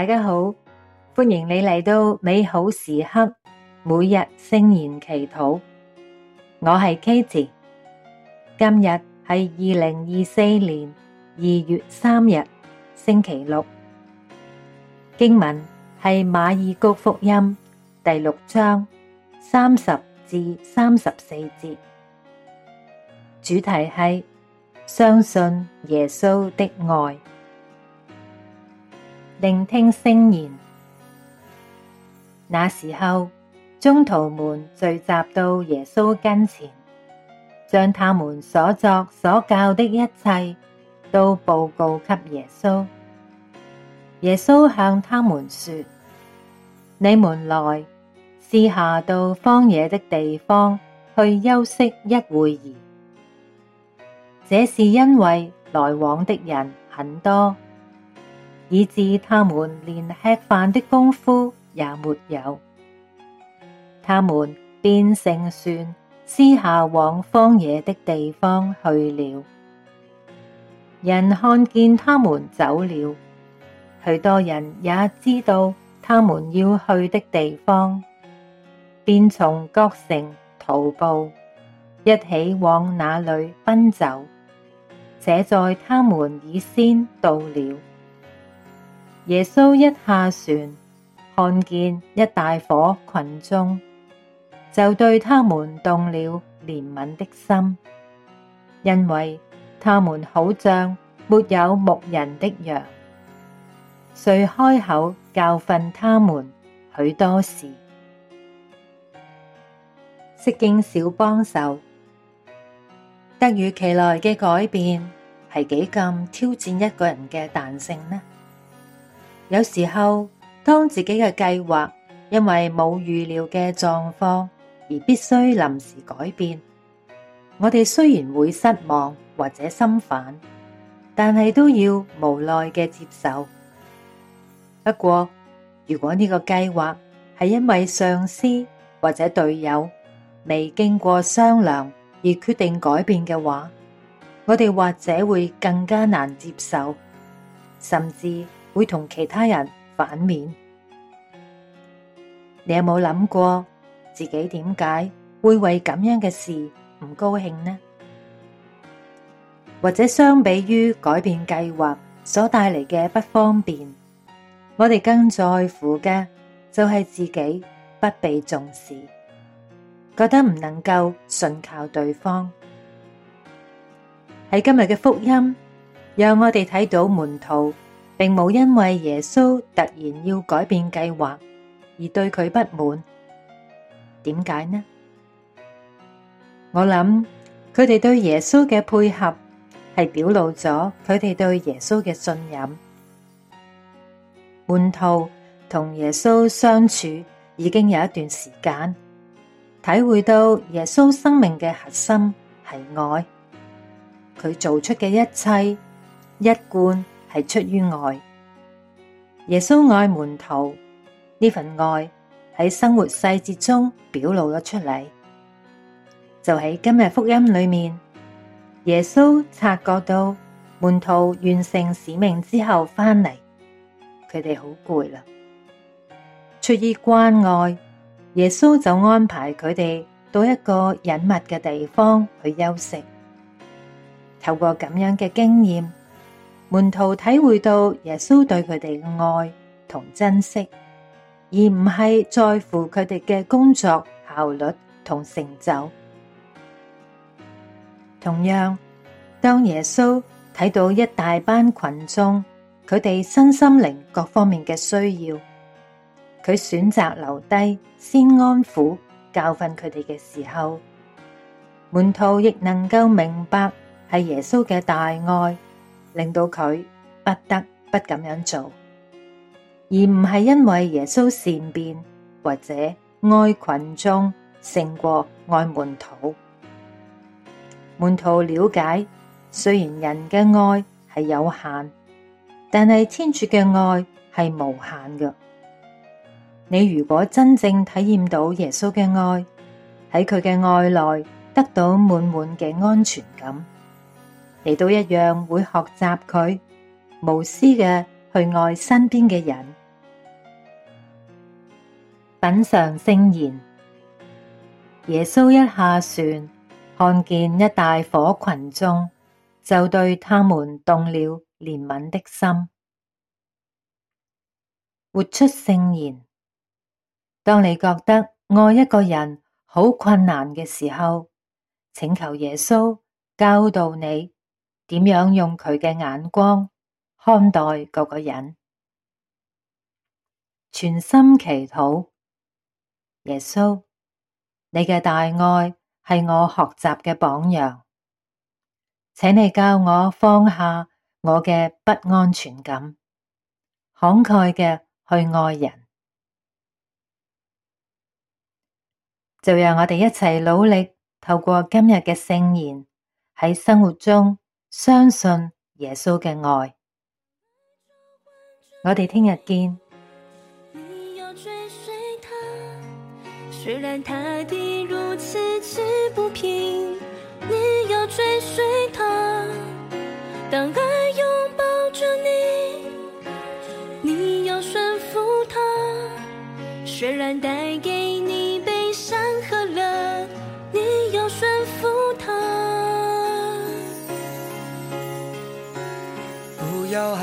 大家好，歡迎你嚟到美好時刻，每日聖言祈禱。我係 Katie，今日係二零二四年二月三日星期六。經文係馬爾谷福音第六章三十至三十四節，主題係相信耶穌的愛。聆聽聖言。那時候，宗徒們聚集到耶穌跟前，將他們所作所教的一切，都報告給耶穌。耶穌向他們說：你們來，私下到荒野的地方去休息一會兒。這是因為來往的人很多。以致他們連吃飯的功夫也沒有，他們便乘船私下往荒野的地方去了。人看見他們走了，許多人也知道他們要去的地方，便從各城徒步，一起往那裏奔走，且在他們以先到了。耶穌一下船，看見一大夥群眾，就對他們動了憐憫的心，因為他們好像沒有牧人的羊，遂開口教訓他們許多事。釋經小幫手。突如其來嘅改變係幾咁挑戰一個人嘅彈性呢？有時候，當自己嘅計劃因為冇預料嘅狀況而必須臨時改變，我哋雖然會失望或者心煩，但係都要無奈嘅接受。不過，如果呢個計劃係因為上司或者隊友未經過商量而決定改變嘅話，我哋或者會更加難接受，甚至。會同其他人反面，你有冇諗過自己點解會為咁樣嘅事唔高興呢？或者相比於改變計劃所帶嚟嘅不方便，我哋更在乎嘅就係自己不被重視，覺得唔能夠信靠對方。喺今日嘅福音，讓我哋睇到門徒。並冇因為耶穌突然要改變計劃而對佢不滿，點解呢？我諗佢哋對耶穌嘅配合係表露咗佢哋對耶穌嘅信任。門徒同耶穌相處已經有一段時間，體會到耶穌生命嘅核心係愛，佢做出嘅一切一貫。係出於愛，耶穌愛門徒，呢份愛喺生活細節中表露咗出嚟。就喺今日福音裏面，耶穌察覺到門徒完成使命之後返嚟，佢哋好攰啦。出於關愛，耶穌就安排佢哋到一個隱密嘅地方去休息。透過咁樣嘅經驗。門徒體會到耶穌對佢哋嘅愛同珍惜，而唔係在乎佢哋嘅工作效率同成就。同樣，當耶穌睇到一大班群眾，佢哋身心靈各方面嘅需要，佢選擇留低先安撫、教訓佢哋嘅時候，門徒亦能夠明白係耶穌嘅大愛令到佢不得不咁樣做，而唔係因為耶穌善變或者愛群眾勝過愛門徒。門徒了解，雖然人嘅愛係有限，但係天主嘅愛係無限嘅。你如果真正體驗到耶穌嘅愛，喺佢嘅愛內得到滿滿嘅安全感。你都一樣會學習佢無私嘅去愛身邊嘅人。品嚐聖言，耶穌一下船，看見一大夥群眾，就對他們動了憐憫的心。活出聖言，當你覺得愛一個人好困難嘅時候，請求耶穌教導你。點樣用佢嘅眼光看待個個人？全心祈禱，耶穌，你嘅大愛係我學習嘅榜樣，請你教我放下我嘅不安全感，慷慨嘅去愛人。就讓我哋一齊努力，透過今日嘅聖言，喺生活中。相信耶穌嘅愛，我哋聽日見。你要追隨他，雖然他的路崎嶇如此不平。你要追隨他，當愛擁抱着你，你要順服他，雖然帶給。